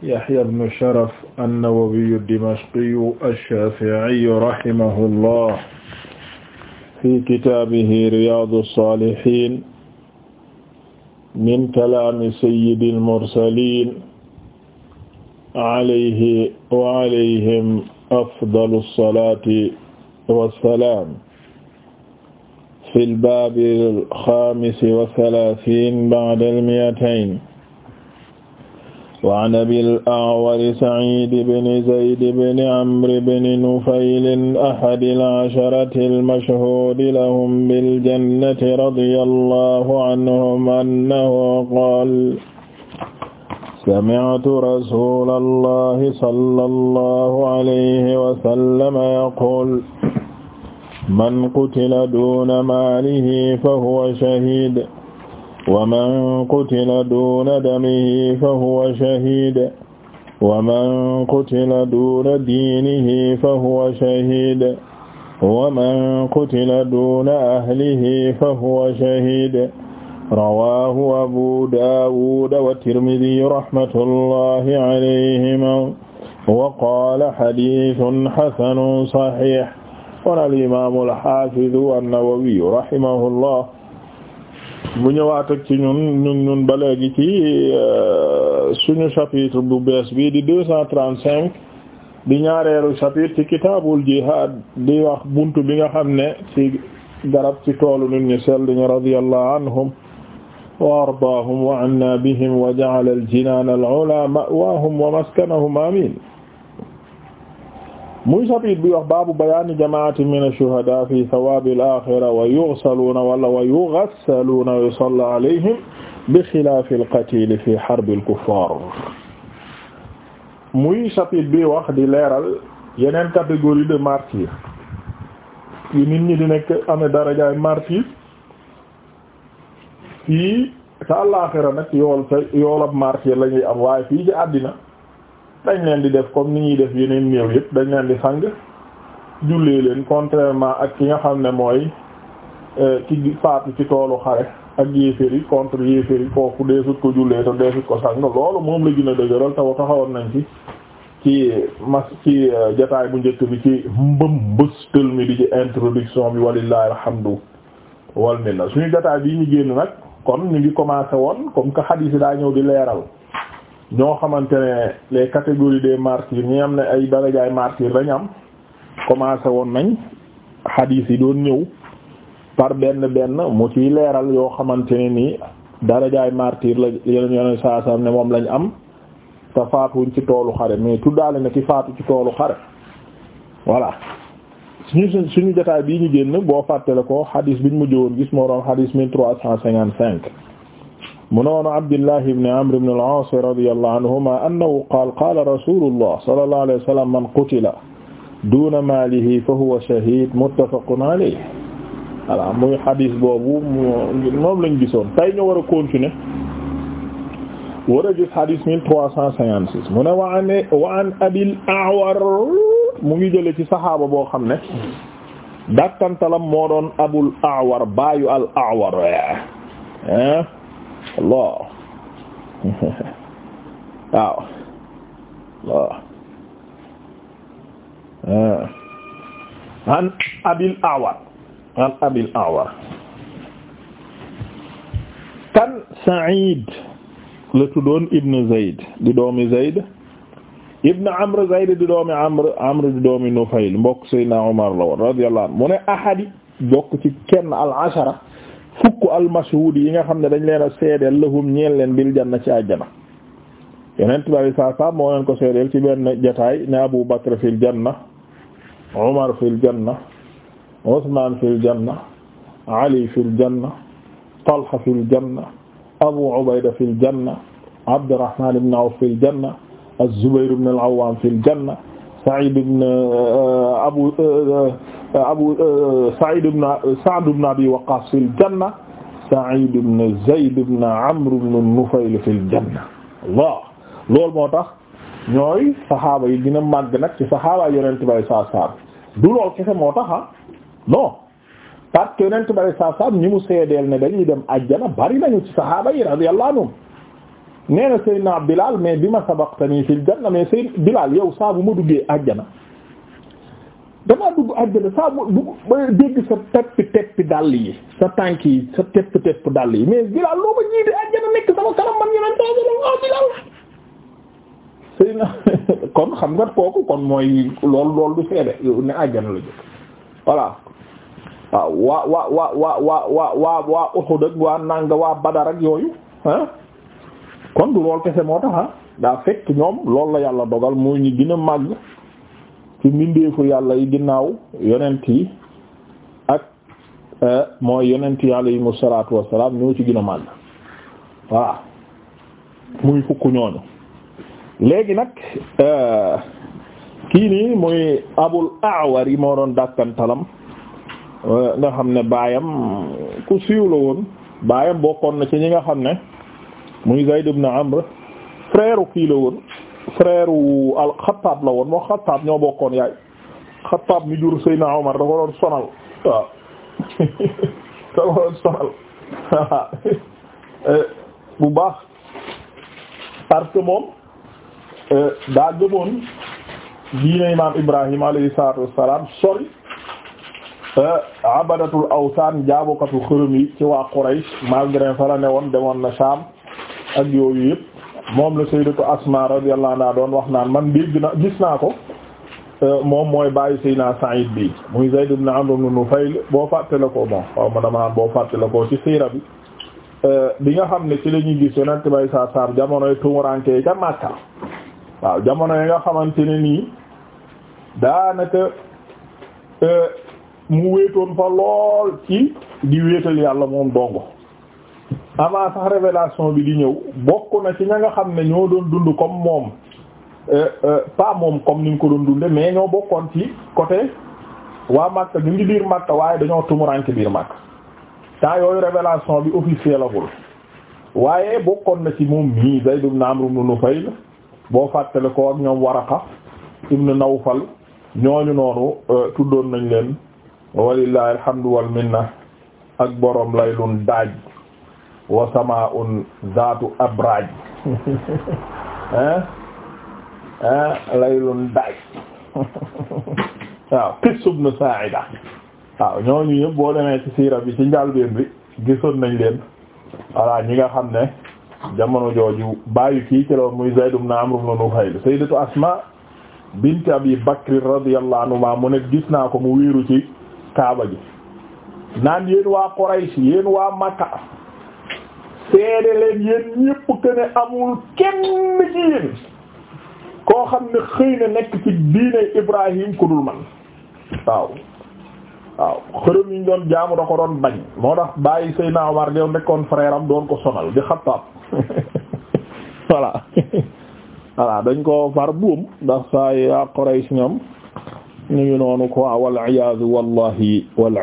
Yahya ibn Sharaf an-Nawawi ad-Dimashqi ash-Shafi'i rahimahullah fi kitaabihi Riyaadu as-Saalihiin min kalaami sayyidil mursaliin alayhi wa alayhim afdalu salaati wa salaam fil baabil xaamisi wa salaasiin ba'dal mi'atayn وعن أبي الأعور سعيد بن زيد بن عمرو بن نفيل أحد العشرة المشهود لهم بالجنة رضي الله عنهم أنه قال سمعت رسول الله صلى الله عليه وسلم يقول من قتل دون ماله فهو شهيد wa man qutila duuna damihi fa huwa shahiid wa man qutila duuna diinihi fa huwa shahiid wa man qutila duuna ahlihi fa huwa shahiid rawaahu abu daawuda wa tirmidii rahmatullahi alayhimaa wa qaala hadiisun hasanun sahiih qaala al-imaamu al-haafidu an-nawawiy rahimahullah bu ñëwaat ak ci ñun ñun ñun ba léegi ci euh, suñu chapitre bu bees bi di deux cent trente cinq di ñaareelu chapitre ci kitaabul jihaad di wax buntu bi nga xam ne ci garab ci toolu nit ñu sell ñu radiyallahu anhum wa ardaahum wa anna bihim wa ja'ala al wa maskanahum amiin muy chapitre bi wax baabu bayaani jamaati min ash-shuhadaa fi thawaabil aaxira wa yughsaluuna wala wa yughassaluuna wa yusallaa alayhim bi xilaafil qatiili fi harbil kuffaar muy chapitre bi wax di leeral yeneen catégorie de martyrs yu nit ñi di nekk amee darajaay martyr fii sa àllaaxira nag yool sa yoolab martyr la ñuy am waaye fii ci àddina dañ leen di def comme ni ñuy def yeneen néew yëpp dañ leen di sang jullee leen contrairement ak ki nga xam ne mooy euh, ki faatu ci toolu xare ak yéeféri contre yéeféri kooku deesut ko jullee te deesut ko sang loolu moom la gin a dëgëral taw taxawoon nañ ci ci mas ci euh, jataay bu njëkk bi ci mbëm mbëstal mi di ci introduction bi walillahi alhamdu wal minna suñu jataay bii ñu génn nag kon ñu ngi commencé woon comme que xadiis yi daa ñëw di leeral ñoo xamante ne les catégories des martyrs ñi am ne ay darajaay martyrs lañ am commencé woon nañ xadiis yi doon ñëw par benn benn mu ciy leeral yoo xamante ne nii darajaay martyr la yeneen yeneen saa ne moom lañ am te faatuñ ci toolu xare mais tuddaale na ci faatu ci toolu xare voilà suñu suñu jotaay bii ñu génn boo fàttale ko xadiis biñ mujj woon gis moo doon xadiis mille trois cent cinquante mu noonu Abdullah ibn Amr ibn al-As radiyallahu anhuma annahu qaala qaala rasulullah sallallahu alayhi wa sallam man qutila duuna maalihi fa huwa shahiid muttafaqun alayhi voilà muy hadis boobu moom lañ gisoon tey ñu war a continuer war a gis hadis mille trois cent cinquante six mu ne wa an wa an abil A'war mu ngi jële ci saxaaba boo xam ne dàkkantalam moo doon abul A'war baayu al A'war ah Allah waaw Allah ah. an abil awar an abil awar kan Saïd la tuddoon ibn Zayd di doomi Zayd ibn Amr Zayd di doomi Amr Amr di doomi Nufayl mbokk Seydina Umar la woon radiyallahu anhu mu ne ahadi bokk ci kenn al ashara fukk almashhuud yi nga xam ne dañ leen a seedeel lahum ñeel leen bil janna ci àjjana yeneen tubaab saa saa moo leen ko seedeel ci benn jotaay ne Abu Bakr fil janna Umar fil janna Usmaan janna Ali fil janna Talha janna Abu Ubayda fil janna Abdurrahmaan ibn Awf fil janna Az-Zubayr al janna Sa'iid ibn uh, uh, uh, Abu euh, Sa'id euh, Sa'd ibn Abi Waqqas fil la Sa'id ibn Zayd ibn Amr ibn Nufayl fil janna moo tax ñooy saxaaba yi gën a màgg nag ci saxaaba yonent bari saa saam du lool kese moo tax ah non parce que yonent bari saa saam ñi mu seedeel ne dañuy dem ajjana bari nañu ci saxaaba yi radiyallahu na Bilal mais bi ma sabaqtani fil janna mais Seydina Bilal yow saa bu ma duggee ajjana damaa dugg àjjana saa bu ba dégg sa tepp tepp dàll yi sa tànk yi sa tepp tepp dàll yi mais Bilal loo ma ñii di àjjana nekk sama kanam man ñu na kon kon mooy loolu loolu du seede ne àjjana la jóg voilà ak yooyu kon du loolu kese moo tax ah. daa fekk ñoom loolu la yàlla dogal muy ñi gën a ci mbindeefu yàlla yi ginnaaw yonent yi ak eh, mooy yonent yi alayhimu salaatu wassalaam ñoo ci gën a màgg muy fukk ñooñu léegi nag eh, kii nii muy abul aawar yi moo doon dàkkantalam eh, nga xam ne baayam ku siiw la woon baayam bokkoon na ci ñi nga xam ne muy Zayd ibn Amr frère kii la woon frère al Xattaab la woon moo Xattaab ñoo bokkoon yaay Xattaab mi jur Seydina Omar da sonal eh, bu baax parce que moom eh, daa gëmoon diine imaam Ibrahim alayhi salaatu wassalaam sori eh, abadatul awsaan jaabokatu xërëm yi ci waa Quraysh malgré fa ne woon demoon na Saam ak yooyu yëpp moom la sayyidatu Asma radiyallahu anha doon wax naan man dégg na gis naa ko euh, moom mooy bàyyi Seydina Sa'id bi muy Zayd ibn Amr ibn Nufayl boo fàttalikoo bon xaw ma dama naan boo fàttalikoo ci siira bi euh, bi nga xam ne ci la ñuy gis yonent bay saa saam jamonoy tumuraanke ca Makka waaw jamono yi nga xamante ne nii daanaka euh, mu wéetoon fa lool ci di wéetal yàlla moom dong avant sax révélation bi di ñëw bokk na ci ña nga xam ne ñoo doon dund comme moom euh, euh, pas moom comme ni mu ko doon dunde mais ñoo bokkoon ci côté waa Makka ñu ngi biir Makka waaye dañoo tumuranke biir Makka temps yooyu révélation bi officiel agul waaye bokkoon na ci moom mii Zayd ibn Amr ibn boo fàttale ko ak ñoom Waraqa ibn Nawfal ñooñu noonu euh, tuddoon nañ leen walillahi alhamdu wal minna ak borom laylun daaj wa samaa'un zaatu abraaj ah laylun daaj waaw Qissub nu Saa'ida waaw ñooñu yëpp boo demee ci siira bi ci njàlbéen bi gisoon nañ leen voilà ñi nga xam ne jamono jooju bàyyi kii ci loolu muy Zayd na Amr ibn Nufayl sayyidatu Asma bint Abi Bakr radiyallahu anhuma mu ne gis naa ko mu wiiru ci Kaaba gi naan yéen waa Quraysh yéen waa Makka seede leen yéen ñépp ne amul kenn ci yéen koo xam ne xëy na nekk ci diine Ibrahim ku dul man waaw waaw xërëm yi ñu doon jaamu da ko doon bañ moo tax bàyyi Seydina Omar dew nekkoon frère doon ko sonal di Xattaab voilà voilà dañ ko far buum ndax saa yaa Quraysh ñoom ñu ngi noonu quoi wal iyaazu wallahi wal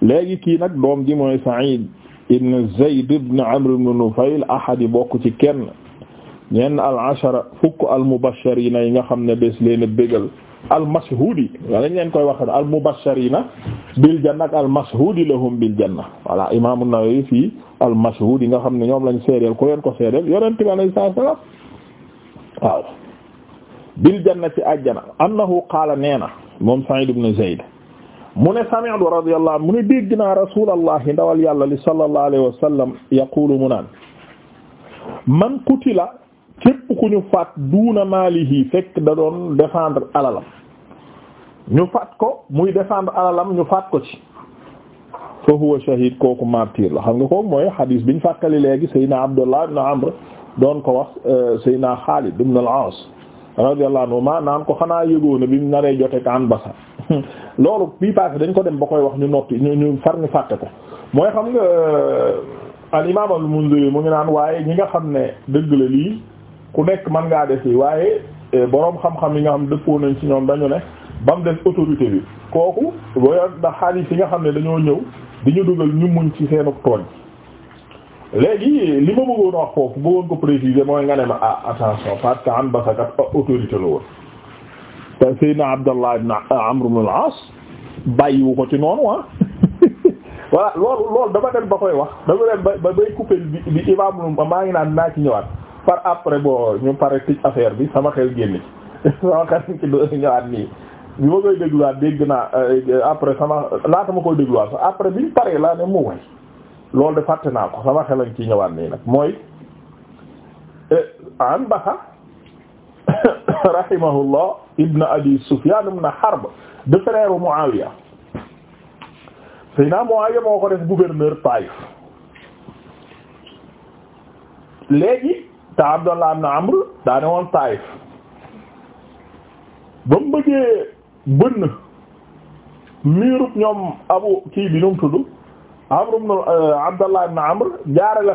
léegi kii nag doom ji mooy Saïd ibn Zayd ibn Amr ibn Nufayl ahadi bokk ci kenn ñenn al-ashara fukk al-mubashirina yi nga xam ne des leen a bégal al-mashhudi wala ñu leen koy wax al-mubashirina bil janna ak al-mashhudi lahum bil janna voilà imaam an-Nawawi fii al-mashhudi nga xam ne ñoom lañ seedeel ku leen ko seedeel yonent bi alayhi salaam waaw bil janna ci àjjana annahu qaala nee na moom Sa'id ibn Zayd mu ne sami'tu radiyallahu anhu mu ne dégg naa rasulallahi ndawal yàlla li sallallahu alayhi wa sallam yaqulu mu naan man qutila képp ku ñu faat duuna maalihi fekk da doon défendre alalam ñu faat ko muy défendre alalam ñu faat ko ci fa huwa shahid kooku martyr la xam nga kooku mooy hadis biñ fàttali léegi saydna abdullah ibn amr doon ko wax euh, saydna xaalid ibn al-aas radiyallahu anhu naan ko xanaa yëgoona bimu naree jotek an basa loolu bii passé dañ ko dem ba koy wax ñu noppi ñu ñu far ñu fàtte ko mooy xam nga euh, al imam al Munziri mu ngi naan waaye ñi nga xam ne dëgg la lii ku nekk mën ngaa def yi waaye euh, boroom xam-xam yi nga xam dëppoo nañ ci ñoom dañu ne ba mu des autorité bi kooku booy da xaalis yi nga xam ne dañoo ñëw di ñu dugal ñu muñ ci seenu tooñ léegi li ma bëggoon wax foofu bëggoon ko préciser mooy nga ne ma ah attention parce que an basakat autorité la woon te Seydina Abdallah ibn Amr ibn al-As bàyyiwu ko ci noonu ah voilà loolu loolu dama dem ba koy wax dama dem ba ba bay coupé bi bi imam maa ngi naan naa ci ñëwaat par après bo ñu pare tij affaire bi sama xel génn ci sama ñëwaat nii ñu ma koy dégluwaat dégg naa euh, après sama laata ma koy dégluwaat sax après bi ñu paree laa ne mu way loolu de fàtte naa ko sama xel lañ ci ñëwaat nii nag mooy euh, an baxa rahimahullah ibn abi Sufyan ibn Harb de frère Muawiya Seydina Muawiya moo ko def gouverneur Taïf léegi te Abdallah ibn Amr daa ne woon Taïf ba mu bëggee bënn abu kii bi nu mu tudd Amr ibn euh, Abdallah ibn Amr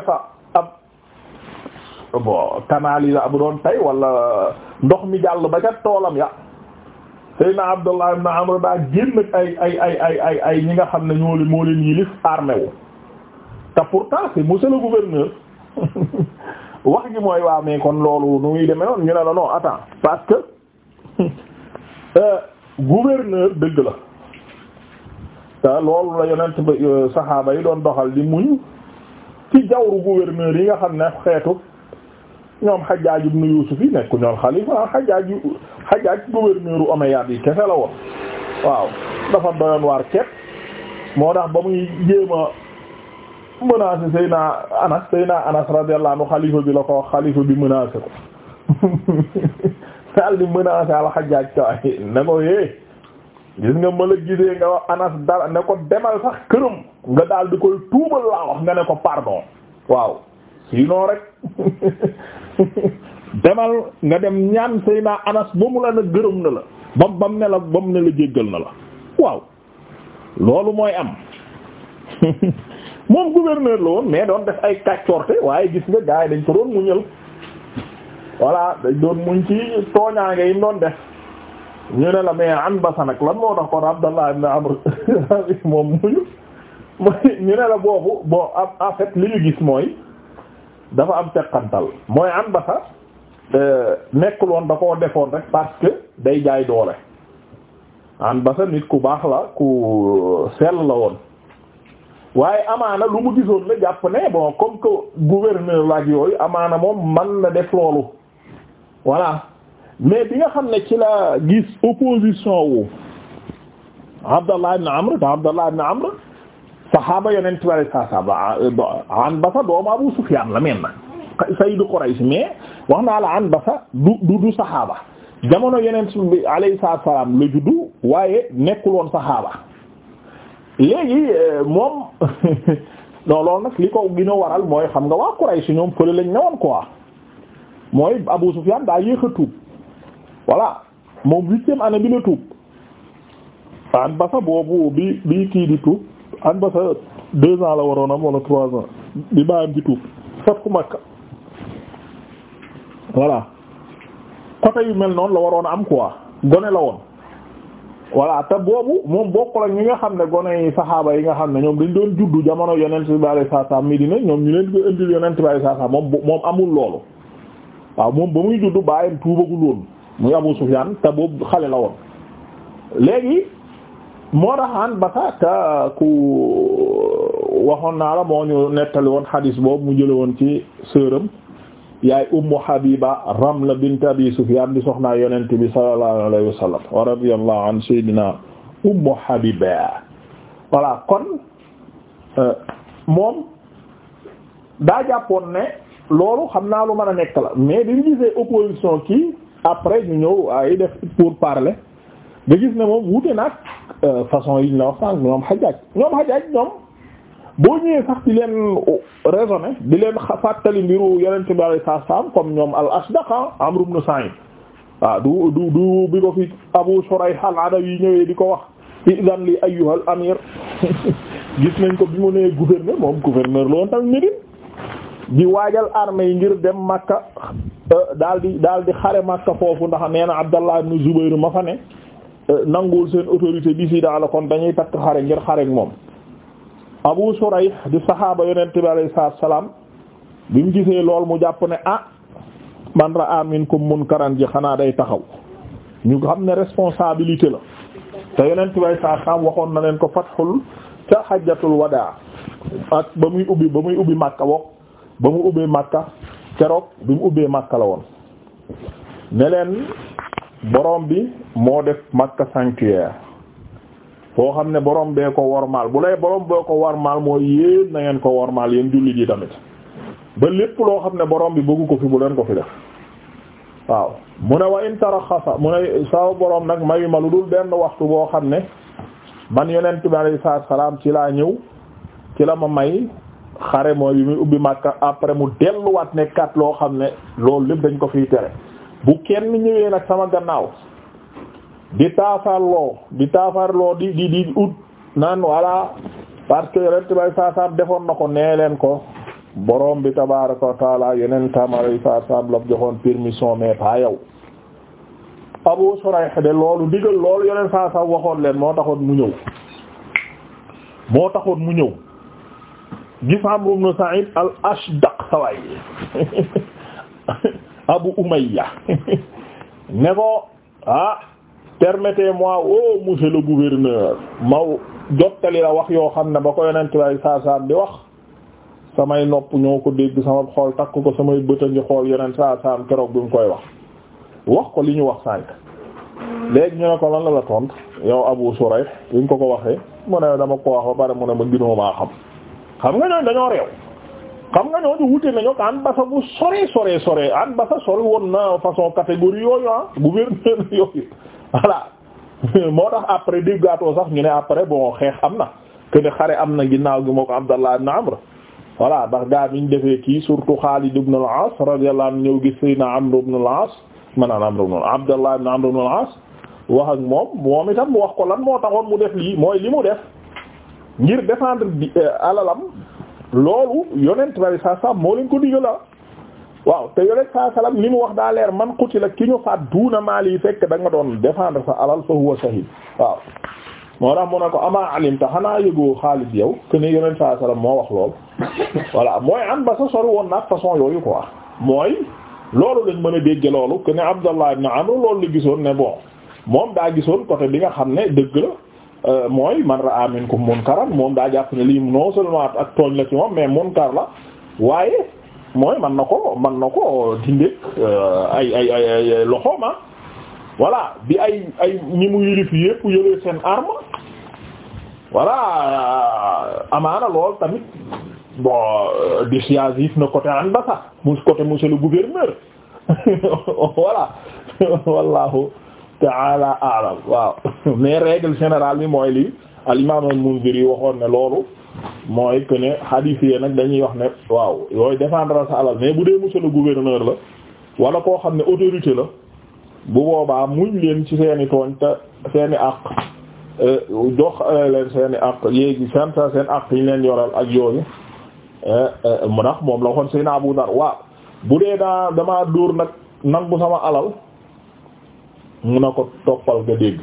fa ab bon la abu doon tay wala ndox mi jàll ba ca toolam ya Seydina Abdullah ibn Amr daa génn ak ay ay ay ay ay ñi nga xam ne ñoo leen moo leen yilif armé te pourtant c'est monsieur le gouverneur wax gi mooy waa kon loolu nu muy demee noonu ñu ne la non attends parce que euh, gouverneur dëgg la te loolu la yonent ba euh, saxaaba yi doon doxal di muñ ci jawru gouverneur yi nga xam ne xeetu ñoom Hajjaaj ibn Yuusuf yi nekk ñoom xalifa Hajjaaj Hajjaaj gouverneur omeyyade yi kese la woon waaw dafa doyoon waar ceeb moo tax ba muy jéem a menacé Seyna Anas Seyna Anas radiyallahu anhu xalifa bi la ko wax xalifa bi menacé ko daal di menacé al Hajjaaj tawaay na ko yee gis nga ma gisee nga wax Anas dara ne ko demal sax këram nga daal di koy tuubal laa nga ne ko pardon waaw sinon rek demal nga dem ñaan Seyna Anas ba mu la na gërëm na la bam bam ne la bam ne la jéggal na la waaw loolu mooy am moom gouverneur la woon mais doon def ay kàccorte waaye gis nga gars yi dañ ko doon muñal voilà dañ doon muñ ci tooñaange yi doon def ñu ne la mais an basa nag lan moo tax kon Abdallah ibn moom muñu ñu ne la boobu bon en fait li ñu gis mooy dafa am teqantal mooy an basa euh, nekkul woon da koo defoon rek parce que day jaay doole an basa nit ku baax la ku euh, sell la woon waaye amaana lu mu gisoon la jàpp ne bon comme que gouverneur laaj yooyu amaana moom man na def loolu voilà mais bi nga xam ne ci la gis opposition wu Abdallah ibn Amr te Abdallah ibn Amr saxaaba yonent bi alayhi salaam an doomu Abu Sufyaan la mel na sayyidu Quraysh mais wax naa la an basa du du du saxaaba jamono yonent bi alayhi salaam la juddu waaye nekkul woon saxaaba léegi euh, moom non loolu nag li ko gën a waral mooy xam nga waa Quraysh ñoom fële lañ newoon quoi mooy Abu Sufyaan daa yéex a tuub wala moom huitième année bi la tuub an boobu bi bi kii di tuub. an ba sa deux ans la waroon am wala trois ans bi bàyyam ci tuub fatku Makka voilà côté yu mel noonu la waroon am quoi gone la woon voilà te boobu moom boo ak ñi nga xam ne gone yi saxaaba yi nga xam ne ñoom dañ doon juddu jamono yonent bi alayhi salaam Medina ñoom ñu leen ko indil yonent bi alayhi moom moom amul loolu waaw moom ba muy juddu bàyyam tuubagul woon muy Abu Sufyaan te boobu xale la woon léegi moo tax an waxoon naa la moo ñu nettali woon xadiis boobu mu jële woon ci sërëm yaay ummu habiba ramla bint abi sufyan di soxnaa yonent bi sallallahu alayhi wa sallam wa an sayyidina ummu habiba voilà kon euh, moom daa jàppoon ne loolu xam naa lu mën a nekk la mais bi mu gisee opposition kii après ñu ñëw ay def pour parler nga gis ne moom wuute nag euh, façon yi ñu la wax sànq ñoom xajaaj ñoom xajaaj boo ñëwee sax di leen euh, raisonné di leen fàttali mbiru yonent bi alayhi comme ñoom al asdaq ah, Amr ibn Sa'id waaw ah, du du du bi ko fi Abu Shurayh al-Adawi ñëwee di ko wax idan li ayyuha amir gis nañ ko bi mu nee gouverneur moom gouverneur la tamit Médine di waajal armée yi ngir dem Makka euh, daal di daal di xare Makka foofu ndax nee na Abdallah ibn Zubayr ma fa ne nanguwul seen autorité bi fii daala kon dañuy takk xare ngir xare ak moom Abu Shurayh di saxaaba yonent bi alayhi salaatu salaam bi mu gisee lool mu jàpp ne ah man ra'a minkum munkaran ji xanaa day taxaw ñu xam ne responsabilité la te yonent bi alayhi salaatu waxoon na leen ko fatxul ca xajjatul wadaa ak ba muy ubbi ba muy ubbi Makka wok ba mu ubbee Makka keroog bi mu ubbee Makka la woon ne leen boroom bi moo def Makka sanctuaire foo xam ne borom bee ko wormaal bu lay borom bee ko wormaal mooy yéen na ngeen ko wormaal yéen jullit yi tamit ba lépp loo xam ne borom bi bëggu ko fi bu leen ko fi def waaw mu ne wa in taraxasa mu ne saa borom nag mayu ma lu dul benn waxtu boo xam ne man yeneen yonent bi sa salaam ci laa ñëw ci la ma may xare mooy bi muy ubbi Makka après mu delluwaat nekkat loo xam ne loolu lépp dañ ko fiy tere. bu kenn ñëwee nag sama gannaaw di taafarloo di taafarloo di di di ut naan voilà parce que rent bay saasaam defoon na ko nee leen ko boroom bi tabaaraka wa taala yeneen taamare saasaam la joxoon permission mais pas yow Abu Surayh de loolu digal loolu yeneen saasaam waxoon leen moo taxoon mu ñëw moo taxoon mu ñëw gis Amru ibn Sa'id al Ashdaq saway Abu Umayya ne ko ah permettez-moi oh monsieur le gouverneur maw jottali la wax yoo xam na ba ko yonent bay saasaan di wax samay nopp ñoo ko dégg sama xool takk ko samay bëta ngi xool yonent saasaan keroog bi mu koy wax wax ko li ñu wax sànk léegi ñu ne ko lan na la tont yow Abu Surayh li ñu ko ko waxee mu ne dama ko wax ba pare mu ne ma ginoo maa xam xam nga ñooñ dañoo réew xam nga ñooñu wute nañu ko an basa bu sore sore sore an basa sore woon na façon catégorie yooyu ah gouverneur yooyu voilà moo tax après di gàttoo sax ñu ne après boo xeex am na que xare am na ginnaaw gi moo ko Abdallah ibn Amr voilà ndax gaa biñ defee kii surtout Xaalid ibn al-As radiyallahu anhu ñëw gis Seydina Amr ibn al-As maanaam Amr ibn Abdallah ibn Amr ibn al-As wax ak moom moom itam mu wax ko lan moo taxoon mu def lii mooy li mu def ngir défendre bi euh, loolu yonent bari saa saa moo leen ko digal la ah. waaw te yonent saa salaam li mu wax daa leer man la ki ñu faat duuna maal yi fekk da nga doon défendre sa alal fa huwa shahid waaw moo tax mu a ko amaa alim ta xanaa yëgoo Xaalid yow que ne yonent saa salaam moo wax lool voilà mooy am ba sa sori woon naag façon yooyu quoi mooy loolu lañ mën a dégg loolu que ne Abdallah ibn Amr loolu la gisoon ne bon moom daa gisoon côté bi nga xam ne dëgg la. Euh, mooy man ra'a minkum munkaran moom daa jàpp ne lii non seulement ak tooñ la ci moom mais munkar la waaye mooy man na ko man na ko dindi euh, ay ay ay loxoom ah voilà bi ay ay ñi mu yilif yépp yëlee seen arme voilà amaana lool tamit bon euh, dissuasif na côté an ba sax mu côté monsieur le gouverneur ta'ala a'lam waaw mais règle générale bi mooy lii al imam al-Munziri waxoon ne loolu mooy que ne hadith yi nag dañuy wax ne waaw yooyu défendre sa alal mais bu dee monsieur gouverneur la wala koo xam ne autorité la bu boobaa muñ leen ci seeni tooñ te seeni àq euh, jox euh, leen seeni àq yéegi seen ta seen àq yi leen yoral ak yooyu euh, mu ndax moom la waxoon seen Abu Dar waaw bu dee daa damaa dóor nag nangu sama alal mu na ko toppal nga dégg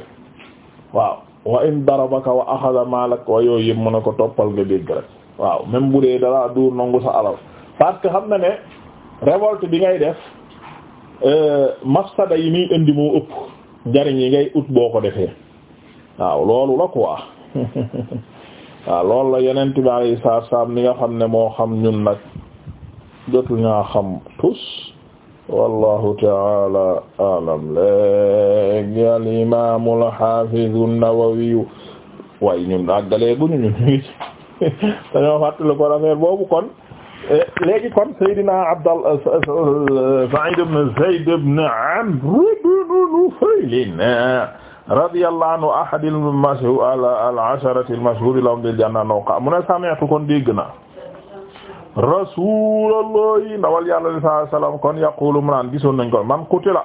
waaw wa in darabaka wa axada maalak wa yooyu yëpp mu na ko toppal nga dégg rek waaw même bu dee dalaa duur nangu sa alal parce que xam na ne révolte bi ngay def euh, mafsada yi muy indi moo ëpp njariñ yi ngay ut boo ko defee waaw loolu la quoi waaw loolu la yeneen bi alei saat salaam ni nga xam ne moo xam ñun nag jotu ñaa xam tus wallahu taala alam léegi al imaamu al xaafizu nawawiyu waaye ñun àggalee guñu ñun ñii dañoo fàttali ko affaire boobu kon léegi kon Seydina Abdallah Saïd ibn Zayd ibn Amr ibn Nufayl radiyallahu anhu ahad al-ashara al-mashhur lahum bil janna mu ne sami'tu kon dégg na rasuulallahi ndawal yàlla sallallahu alayhi wasallam kon yaqulu imran gisoon nañ ko man qutila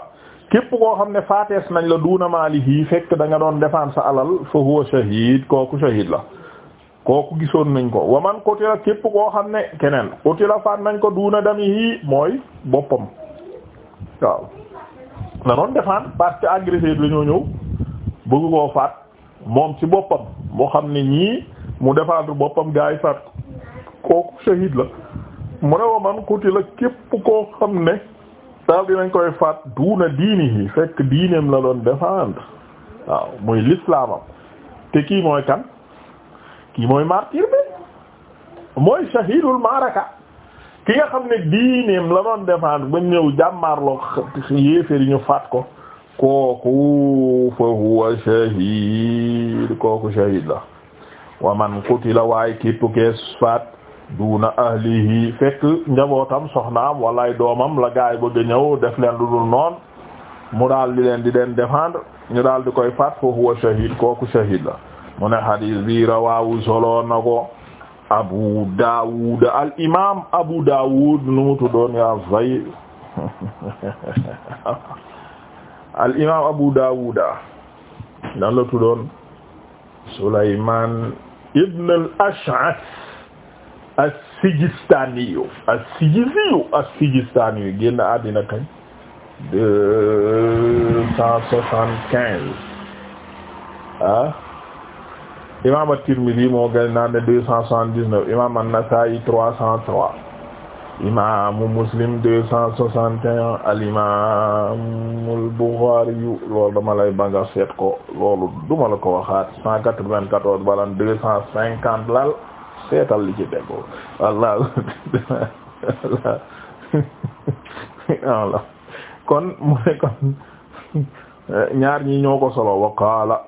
képp koo xam ne faatees nañ la duuna maalihi fekk danga doon defaan sa alal fa huwa shahid kooku shahid la kooku gisoon nañ ko wa man qutila képp koo xam ne keneen qutila faat nañ ko duuna damihi mooy boppam waaw na doon defaan parce que lañoo ñëw bëgg koo faat moom ci boppam moo xam ne ñii mu défendre boppam gaa yi faat ko kooku shahid la mu ne wa man qutila képp koo xam ne daal dinañ koy faat duuna diinihi fekk diineem la doon défendre waaw muy lislaamam te kii mooy kan kii mooy martyr bi mooy shahidul maraka ki nga xam ne diineem la doon défendre ba ñëw jàmmaarloo yéeféer ñu faat ko kooku fa huwa shahid kooku shahid la wa man qutila waaye képp kees faat duuna ahlihi fekk njabootam soxna wala ay doomam la gaay bëgg a ñëw def leen lu dul noon mu daal di leen di leen ñu daal di koy faat foofu wa shahid kooku shahid la mu ne hadis bi rawaawu solo na ko Abu Dawud al imam Abu Dawud nu mu tuddoon yaa ibn al Ash'ath as yu as-Sijiziyu as-Sijistaaniyu génn àddina kañ deux ah imaam at-Tirmidhi moo gën naan ne deux cent soixante-dix-neuf imaam an-Nasaa'i imaamu Muslim deux cent yu loolu dama lay banga seet ko loolu duma la ko waxaat cent quatre seetal li ci déggu wallahu kon mu kon ñaar ñi ñoo ko solo wa qaala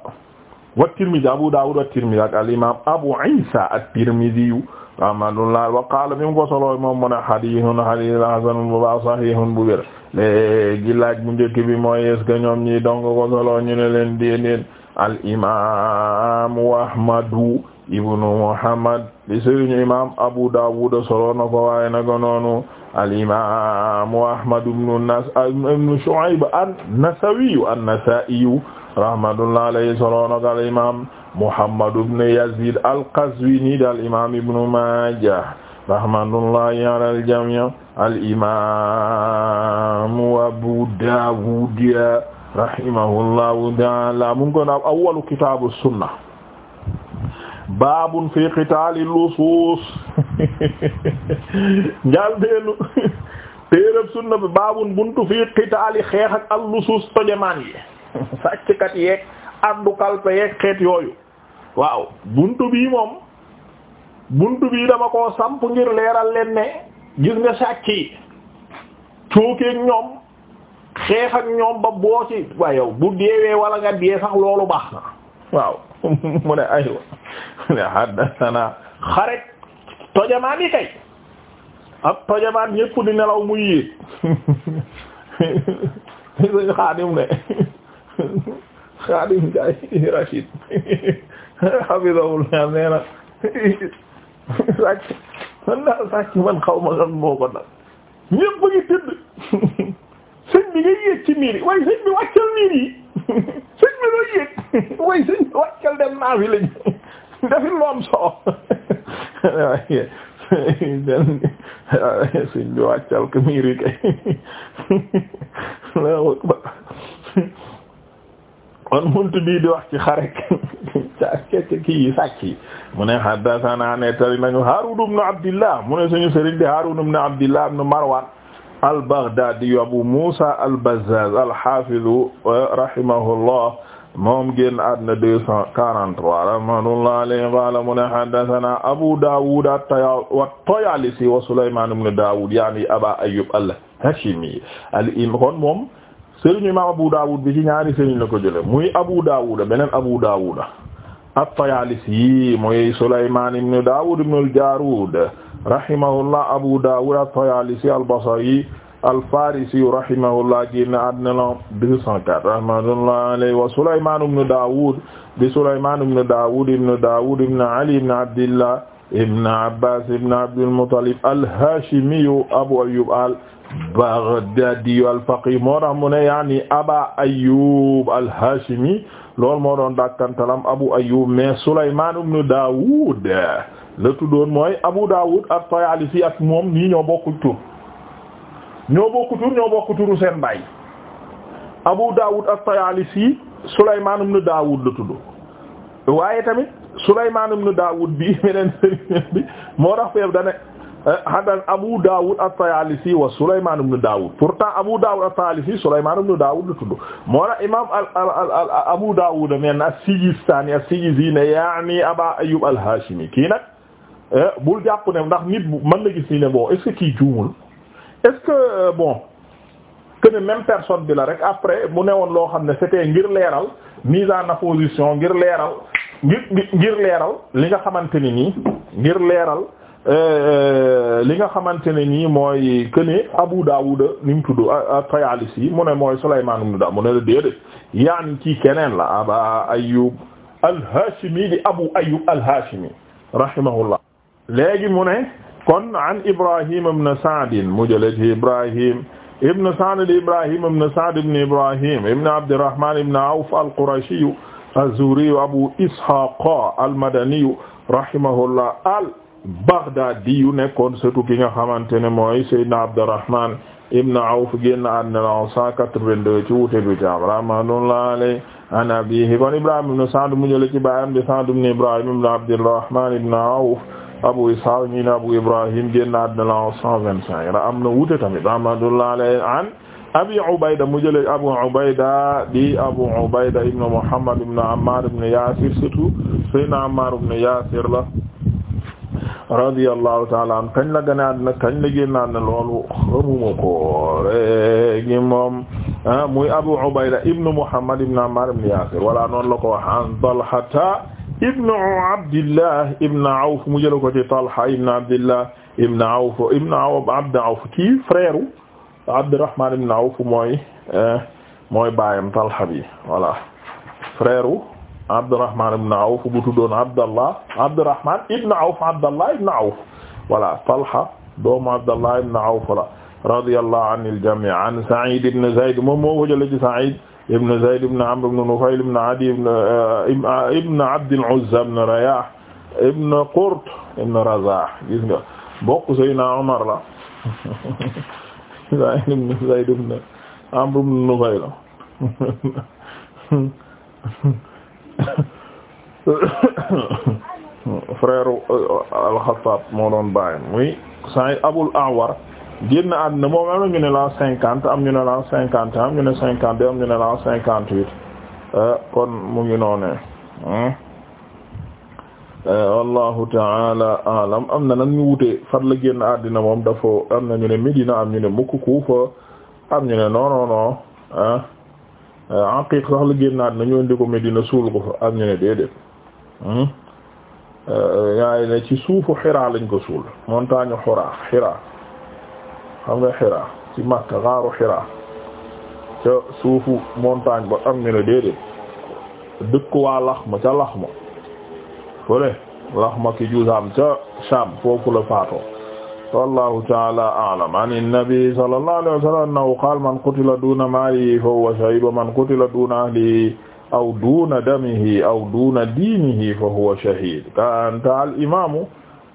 Abu Dawud wa Tirmidhi ak al Abu Isa at-Tirmidhi rahmatullah wa qaala mi mu ko solo moom mu ne hadithun hadithun hasanun bu baax sahihun bu wér léegi laaj bu njëkk mooy est-ce ñoom ñi dong ko ñu ne leen déedéet al imam Ahmadu ibnu Muhammad di sëriñu imam Abu Dawud solo na ko waaye naka noonu al-imaamu Ahmad ibnu Nas ibnu Shu'ayb an-Nasawi an-Nasa'i rahmatullahi alayhi solo na ko al-imam Muhammad ibnu Yazid al-Qazwini di al-imam ibnu Majah rahmatullahi ala al-jami' al-imaamu Abu Dawud rahimahullahu ta'ala mu ngi ko awwalu kitaabu sunna baabun fi qitaali lusuus njaal beenu téerab sunna bi baabun buntu fi qitaali xeex ak al lusuus tojamaan yi sàcckat yeeg addu kalpe yeeg xeet yooyu waaw buntu bii moom buntu bii dama koo samp ngir leeral leen ne gis nga sàcc yi cookeeg ñoom xeex ak ñoom ba boo ci waaye bu deewee wala nga dee sax loolu baax na waaw mu ne aywa mu ne haddathana xaret tojamaan yi kay ak tojamaan ñépp di nelaw mu yéeg suñ xaadim ne xaadim jaay Rashid hafizahullah nee na sàcc man naa sàcc man xaw ma lan moo ko dal ñépp ngi tëdd sëñ bi nga yéeg ci miir yi waaye sëñ bi wàccal miir yi sëñ bi looy yëg way sëñ bi wàccal dem naa fi lañ dafi loom soo sëñ bi wàccal ko muy rike la wëg ba kon muntu bii di wax ci xarek cacece kii sàcc yi mu ne haddathana ne tari nañu Harun ibn Abdillah mu ne suñu sëriñ di Harun ibn Abdillah ibn Marwan al-Baghdadi Abu Musa al-Bazzaz al-Hafiz eh, rahimahullah moom génn àddina 243 rahmatullahi alayhi qala mu ne haddathana Abu Dawud at-Tayalisi wa Sulayman ibn Dawud yaani Aba Ayyub al-Hashimi al-imam kon moom sëriñ imam Abu Dawud bi ci ñaari sëriñ la ko jëlee muy Abu Dawud beneen Abu Dawud at-Tayalisi muy Sulayman ibn Dawud ibn al-Jarud rahimahullah Abu Dawud at-Tayalisi al-Basri al-Farisi rahimahullah génn àddina la 204 rahmatullahi alayhi wa Sulayman ibn Dawud di Sulayman ibn Dawud ibn Dawud ibn Ali ibn Abdillah ibn Abbas ibn Abdul Muttalib al-Hashimi Abu Ayyub al-Baghdadi al-Faqih moo tax mu ne yaani Aba Ayyub al-Hashimi loolu moo doon dakkantalam Abu Ayyub mais Sulayman ibn Dawud la tuddoon mooy Abu Dawud at-Tayalisi ak moom nii ñoo bokku tur ñoo bokku tur ñoo bokku turu seen baay Abu Dawud at-Tayalisi Sulaymaan ibn Dawud la tudd waaye tamit Sulaymaan ibn Dawud bi beneen bi feeb dane eh, hadan Abu Dawud at-Tayalisi wa Sulaymaan ibn Dawud pourtant Abu Dawud at-Tayalisi Sulaymaan ibn Dawud la tudd moo tax imaam al al al Abu Dawud meen as-Sijistani as-Sijizi ne Aba Ayyub al-Hashimi kii nag Eh, bul jàpp ne ndax nit mën na gis ni ne bon est-ce que kii juumul est-ce que euh, bon que ne même personne bi la rek après mu newoon loo xam ne c'était ngir leeral mise en opposition ngir leeral ngir ngir leeral li nga xamante ne nii ngir leeral euh, euh, li nga xamante ne nii mooy que ne Abu Dawud ni mu tudd Tayalisi mu ne mooy Sulaymaan ibn Daawuud mu ne la déedéet yaani ci keneen la Aba Ayyub al-Hashimi di Abu Ayyub al-Hashimi rahimahullah léegi mu ne kon an Ibrahim ibn Sa'd mu jëlee ci Ibrahim ibn Sa'd di Ibrahim ibn Sa'd ibn Ibrahim ibn Abdurrahman ibn Awf al-Qurashi az-Zuhri Abu Ishaq al-Madani rahimahullah al-Baghdadi nekkoon surtout ki nga xamante ne mooy Sayyidina Abdurrahman ibn Awf génn àddina la 182 ci wuute bi jaam rahmatullahi alayhi an abiihi kon Ibrahim ibn Sa'd mu jëlee ci baayam di Sa'd ibn Ibrahim ibn Abdurrahman ibn Awf Abu Ishaq ñi ne Abu Ibrahim génn àddina la cent vingt-cinq am na wuute tamit rahmatullah alayhi an Abi Ubayda mu jëlee Abu Ubayda di Abu Ubayda ibn Muhammad ibn Ammar ibn Yasir surtout Seydina Ammar ibn Yasir la radiyallahu ta'ala an kañ la gane àddina kañ la génn àddina loolu xamuma ko léegi moom ah, muy Abu Ubayda ibn Muhammad ibn Ammar ibn Yasir wala noonu la ko wax an Talhata ibnu abdillah ibnu awf mu jëla ko ci talha ibnu abdillah ibnu awf ibnu awf abdu awf kii frère u abdurrahman ibnu awf mooy eh, mooy baayam talha bi voilà frère u abdurrahman ibnu awf bu tuddoon abdallah abdurrahman ibnu awf abdallah ibnu awf voilà talha doomu abdallah ibnu awf la radiyallahu anil jami' an sa'id ibnu zayd moom moo ko jële ci sa'id ibn Zayd ibn Amr ibn Nufayl ibn Adi ibn Abd eh, al-Uzza ah, ibn Riyah ibn Qurt ibn Razah gis nga bokk Seydina Omar la ibn Zayd ibn Amr ibn Nufayl frère euh, al-Khattab moo doon bàyyi muy Sa'id Abul A'war génn àddina moom am na ñu ne l'an cinquante am ñu ne l'an cinquante am cinquante deux am ñu cinquante huit euh, kon mu ngi noonee euh, wallahu taala alam am na nan ñu wute far la génn àddina moom dafa am na ñu ne Médina am ñu ne mukk Kuufa am ñu ne non non non euh, aqiq sax la génn àddina ñu indi ko Médina suul ko fa am ñu ne déedéet yaay ne ci suufu Hira lañ ko suul montagne Hira Hira xam nga Hira ci Makka gaaru Hira ca suufu montagne ba am ñu ne déedéet dëkk waa Laxma ca Laxma fële Laxma ki Juzaam ca Sham foofu la faatoo wallahu ta'ala a'lam an an-nabi sallallahu alayhi wa sallam annahu qaala man qutila duuna maalihi fa huwa shahid wa man qutila duuna ahlihi aw duuna damihi aw duuna diinihi fa huwa shahid kanta al-imaamu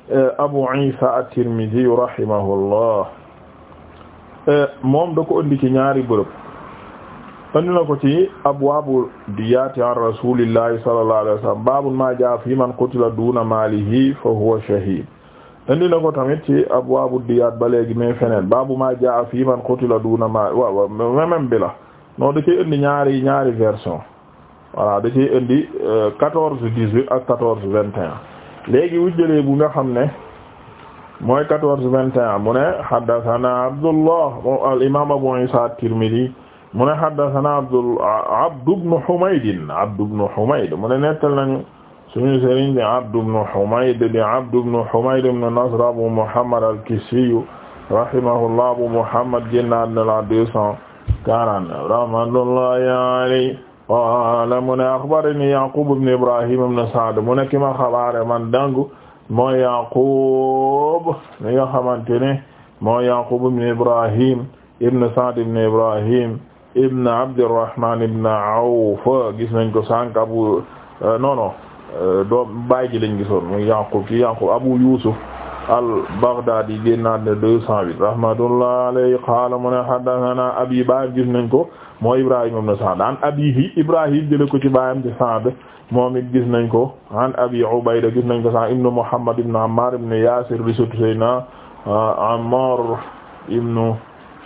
eh, Abu Isa at-Tirmidhi rahimahullah Euh, moom da ko indi ci ñaari bërëb indi na ko ci abwaabu diyaati an rasuulillahi sallallahu alayhi wa sallam baabul maa jaa fi man qutila duuna maalihi fa huwa shahiid indi na ko tamit ci abwaabu diyaat ba léegi mais feneen baabu ma jaa man qutila duuna maalihi waaw même bi la non da indi ñaari ñaari version voilà da cee indi euh, quatorze dix-huit a quatorze vingt et un léegi wu nga xam ne mooy quatorze vingt et un mu ne haddathana Abdullah al imam Abu Isa at-Tirmidhi mu ne haddathana Abdul Abd ibn Humayd Abd ibn Humayd mu ne nettal nañu suñu sëriñ bi Abd ibn Humayd bi Abd ibn Humayd ibn Nasr Abu Muhammad al-Kissi rahimahullah Abu Muhammad génnaat na la deux cent quarante rahmatullahi alayhi qaala mu ne akhbarani Yaqub ibn Ibrahim ibn Sa'd mu ne ki ma xabaare man dangu mooy Yaqub mi nga xamante ne mooy Yaqub ibn Ibrahim ibn Sa'd ibn Ibrahim ibn Abdurrahman ibn Awf gis nañ ko sànq abu euh, non non euh, doom baay ji lañ gisoon muy Yaqub ci Yaqub Abu Yusuf al-Baghdadi génnaat na deux cent huit rahmatullah alayhi qaala mu ne haddathana abi baay gis nañ ko mooy Ibrahim ibn Sa'd an abihi Ibrahim jële ko ci baayam ci Sa'd moom it gis nañ ko an abi ubayda gis nañ ko sa ibnu muhammad ibnu ammar ibnu yasir bi sut ah, ammar ibnu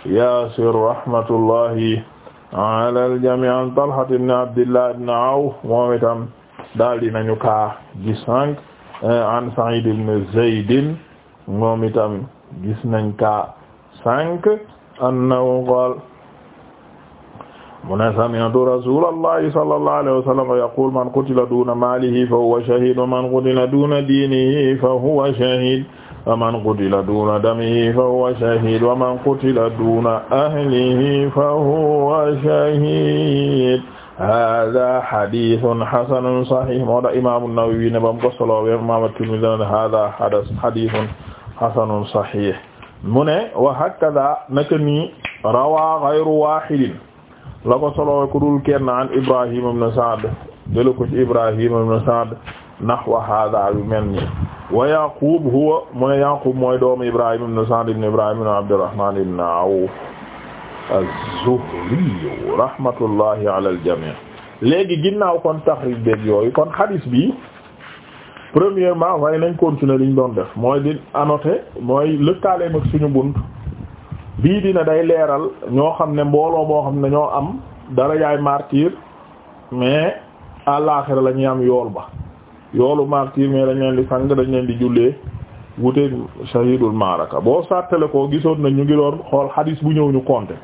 yasir rahmatullahi ala aljami an talha ibnu abdillah ibnu awf moom daal dinañu ka gis sànq eh, an sa'id ibnu zaydin moom itam gis nañ ka mu ne sami'tu rasulallahi sallallahu alayhi wa sallam yaqul man qutila duna malihi fa huwa shahid wa man qutila duna dinihi fa huwa shahid wa man qutila duna damihi fa huwa shahid wa man qutila duna ahlihi fa huwa shahid hada hadithun hasanun sahih moo tax imaamu Nawawi ne ba mu ko solowee imaam Tirmidhi ne hada hadithun hasanun sahih mu ne wa hakada naka nii rawaa ghayru wahidin la ko solo ku dul kenn an Ibrahim ibn Sa'd jële ko ci Ibrahim ibn Sa'd nahwa hada bi mel ni wa Yaqub huwa mu ne Yaqub mooy doomu Ibrahim ibn Sa'd ibn Ibrahim ibn Abdurrahman ibn Awf az-Zuhri rahmatullahi ala al-jami' léegi ginnaaw kon taxrij beeg yooyu kon hadis bi premièrement waaye nañ continuer liñ doon def mooy di annoter mooy lëkkaaleem ak suñu bunt bii dina day leeral ñoo xam ne mbooloo moo xam ne ñoo am dara yaay martyr mais àllaaxira la ñuy am yool ba yoolu martyr mais dañ leen di sang dañ leen di jullee wuteeg shahidul maaraka boo sàttale ko gisoon nañ ñu ngi doon xool hadis bu ñëw ñu compter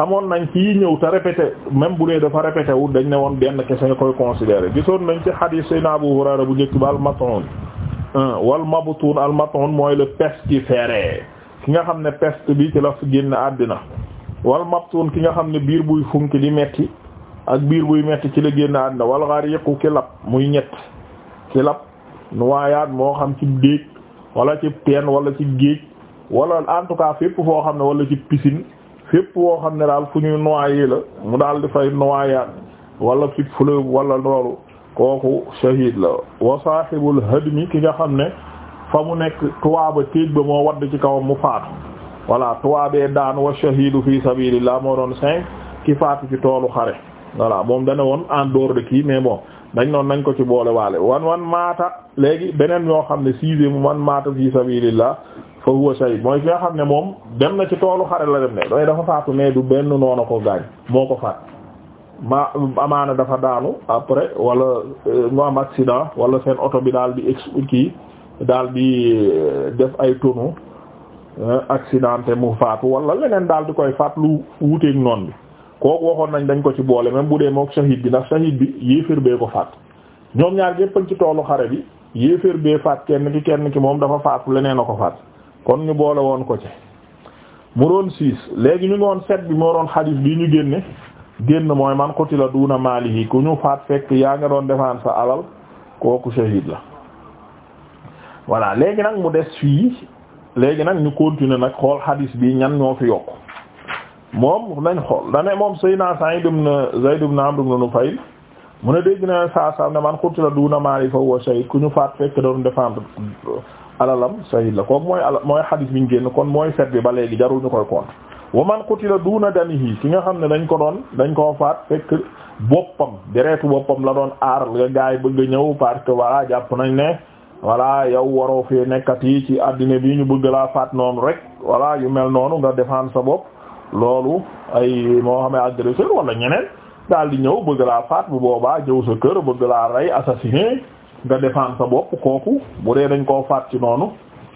amoon nañ fii ñëw te répété même bu nee dafa répété wu dañ ne woon benn kese nga koy considéré gisoon nañ ci hadis sayna Abu Hurayra bu njëkk ba al mat'un wal mabtun al mat'un mooy le pestiféré ki nga xam ne peste bi ci la fi génn àddina wal mabtuun ki nga xam ne biir buy funki di metti ak biir buy metti ci la génn àddina wal ghariqu ki lab muy ñett ki lab noyaat moo xam ci déeg wala ci teen wala ci géej wala en tout cas fépp foo xam ne wala ci piscine fépp woo xam ne daal fu ñuy noyé la mu daal di fay noyaat wala ci fleuve wala loolu kooku shahid la wa sahibul hadmi ki nga xam ne fa mu nekk tuwaaba téeg ba moo wadd ci kawam mu faatu voilà tuwaabee daan wa shahidu fi sabilillah moo doon cinq ki faatu ci toolu xare voilà moom dana woon en dehors de kii mais bon dañ noon nañ ko ci boole waale wan wan maata léegi beneen yoo xam ne mu wan maata fi sabilillah fa huwa shahid mooy ki nga xam ne moom dem na ci toolu xare la dem ne doy dafa faatu mais du benn noonu ko gaañ moo ko faat ma amaana dafa daanu après wala euh, mu am accident wala seen oto bi daal di ex kii daal di euh, def ay tonneau euh, accidenté mu faatu walla leneen daal di koy faat lu wuteeg noon bi kooku waxoon nañ dañ ko ci boole même bu dee mook shahid bi ndax shahid bi yéeféer bee ko faat ñoom ñaar yéppañ ci toolu xare bi yéeféer bee faat kenn ki kenn ki moom dafa faatu leneen a ko faat kon ñu boole woon ko ci mu doon six léegi ñu ngi woon sept bi moo doon xadiis bi ñu génne génn mooy man qutila duuna maalihi ku ñu faat fekk yaa nga doon defaan sa alal kooku shahid la voilà léegi nag mu des fii léegi nag ñu continuer nag xool hadis bi ñan ñoo fi yokk moom nañ xool dane moom naa saa Seydina Sa'id ibn Zayd ibn Amr nu Nufayl mu ne dégg na saa saa ne man du na maali fa huwa shahid ku ñu faat fekk doon défendre alalam shahid la kooku mooy ala mooy hadis bi ñu génn kon mooy fet bi ba léegi jarul ñu koy compte wa man qutila duuna damihi ki nga xam ne dañ ko doon dañ koo faat fekk boppam deretu boppam la doon aar nga gaay bëgg a ñëw parce que voilà jàpp nañ ne voilà yow waroo fee nekkati ci àddina bi ñu bëgg laa faat noonu rek voilà yu mel noonu nga defaan sa bopp loolu ay moo xam ne agresseur wala ñeneen daal di ñëw bëgg laa faat bu boobaa jëw sa kër bëgg laa rey assassiné nga défendre sa bopp kooku bu dee dañ koo faat ci noonu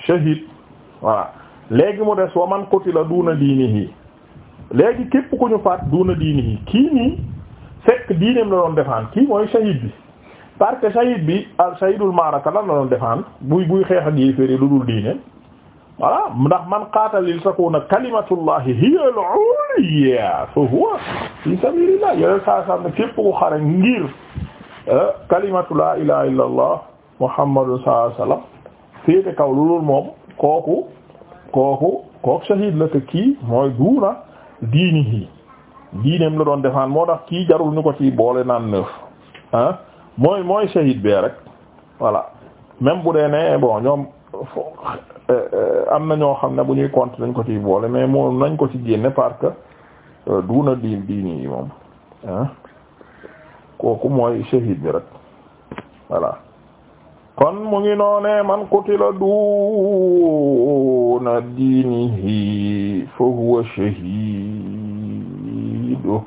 shahid voilà léegi mu des wa man qutila duuna diinihi léegi képp ku ñu faat duuna diinihi kii nii fekk diineem la doon défendre kii mooy shahid bi parce que shahid bi al ah, shahidul maaraka lan la doon defaan buy buy xeex a yéeféer yi lu dul diine voilà ndax man qaatal li takuna kalimatullahi hiya al-ulya fa huwa fi sabilillah yooyu saa saa képp ku xare ngir eh, kalimatu la ilaha illa allah muhammadu sallallahu alayhi wasallam kaw lu dul moom kooku kooku kooku shahid la te kii mooy duuna diinihi diineem la doon defaan moo tax kii jarul ñu ko ci boole naan neuf ah. mooy mooy shahid bee rek voilà même bu dee ne bon ñoom euh, euh, am na ñoo xam ne bu ñuy compte dañ ko ci boole mais moom nañ ko ci génne parce que euh, duuna diin diini yi moom ah kooku mooy shahid bi rek voilà kon mu ngi noone man qutila duuna diinihi fa huwa shahidu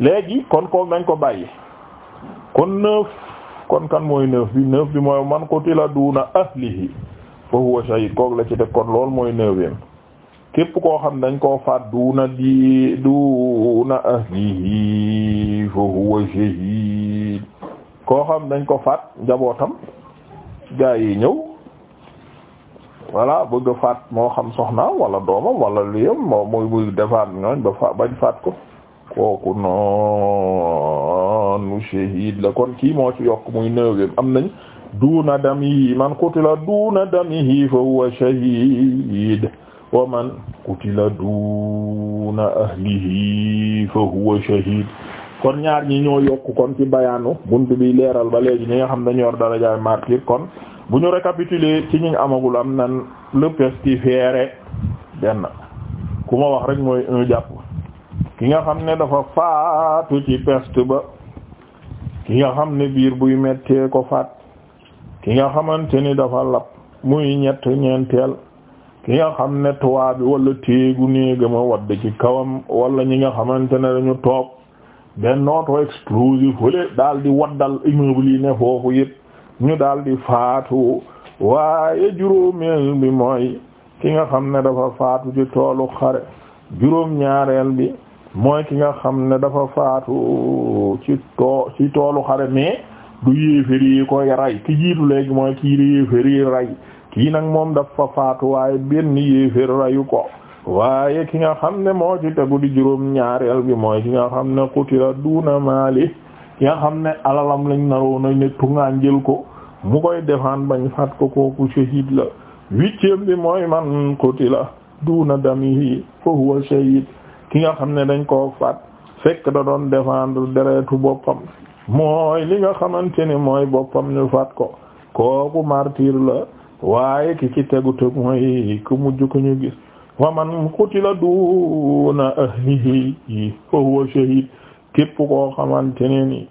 léegi kon kooku nañ ko bàyyi kon neuf kon kan mooy neuf bi neuf bi mooy man ko qutila duuna ahlihi fa huwa shahid koog la ci teg kon lool mooy neuvième képp koo xam dañ koo faat duuna di duuna ahlihi fa huwa shahid koo xam dañ ko faat njabootam gaa yi ñëw wala bëgg a faat moo xam soxna wala doomam wala liyam moo muy muy defaat ñooñ ba fa bañ faat ko kooku noonu shahid la kon kii moo ci yokk muy neuvième am nañ duuna damihi man qutila duuna damihi fa huwa shahid wa man qutila duuna ahlihi fa huwa shahid kon ñaar ñi ñoo yokk kon ci bayaanu buntu bi leeral ba léegi ñi nga xam dañu yor darajaay martyr kon bu ñu récapituler ci ñi amagul am nan le pestiféré benn ku ma wax rek mooy un jàpp ki nga xam ne dafa faatu ci peste ba ki nga xam ne biir buy mettee ko faat ki nga xamante ni dafa lab muy ñett ñeenteel ki nga xam ne tuwaa bi wala téegu néegama wadd ci kawam wala ñi nga xamante ne dañu toog benn nooto explosif wala daal di waddal immeuble yi ne foofu yëpp ñu daal di faatu waaye juróomeel bi mooy ki nga xam ne dafa faatu ci toolu xare juróom ñaareel bi mooy ki nga xam ne dafa faatu ci too ci toolu xare mais du yéeféri yi koy rey ki jiitu léegi mooy kii di yéeféri rey kii nag moom dafa faatu waaye benn yéefér reyu ko waaye ki nga xam ne moo ci tegu di juróom ñaareel bi mooy ki nga xam ne qutila na maali ki nga xam ne alalam lañ naroon nañ ne tungaan jël ko mu koy defaan bañ faat ko kooku shahid la huitième bi mooy man qutila duuna damihi fa huwa shahid ki nga xam ne dañ ko faat fekk da doon défendre deretu boppam mooy li nga xamante ne mooy boppam ñu faat ko kooku martir la waaye ki ci tegu teg mooy ku mujj ko ñu gis wa man qutila duuna ahlihi fa huwa shahid képp koo xamante ne ni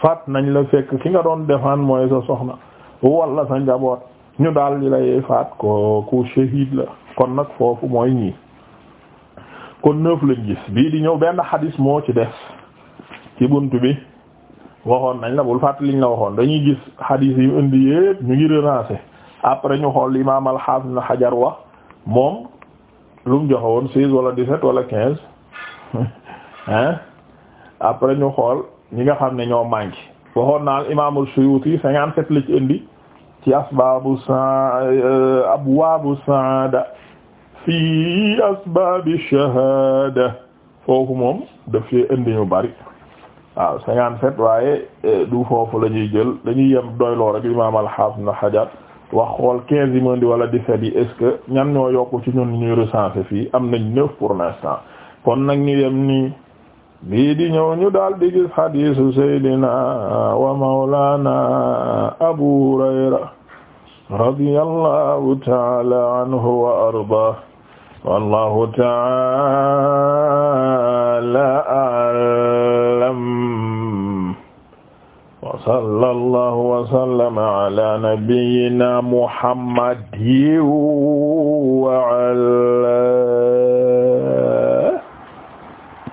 faat nañ la fekk ki nga doon défendre mooy sa soxna walla sa njaboot ñu daal di lay faat ko ku shahid la kon nag foofu mooy ñii kon neuf lañ gis bii di ñëw benn xadis moo ci des ci bunt bi waxoon nañ la bul fàtt liñ la waxoon dañuy gis xadis yi indi yépp ñu ngi renancé après ñu xool imaam al-Hafiz Ibn Hajar wax moom lu mu joxe woon seize wala dix-sept wala quinze hein après ñu xool ñi nga xam ne ñoo manqué waxoon naal imaam al-Suyuti cinquante-sept la ci indi ci asbaabu saa abwaabu saada fi asbaabi shahaada foofu moom def see indi ñu bari waaw cinquante-sept waaye e, du foofu la ñuy jël dañuy yem doyloo rek imaam al-Haafiz Ibn wax xool quinze yi mën di wala di sept yi est-ce que ñan ñoo yokk ci ñun ñuy recenser fii am nañ neuf pour l'instant kon nag ñu yem nii. bii di ñëw ñu daal di gis hadiisu Seydina wa Mawlana Abu Hurayra radiyallahu ta'ala anhu wa ardaah wallahu ta'ala a'lam wa sallallahu wa sallama ala nabiyyina Muhammadin wa ala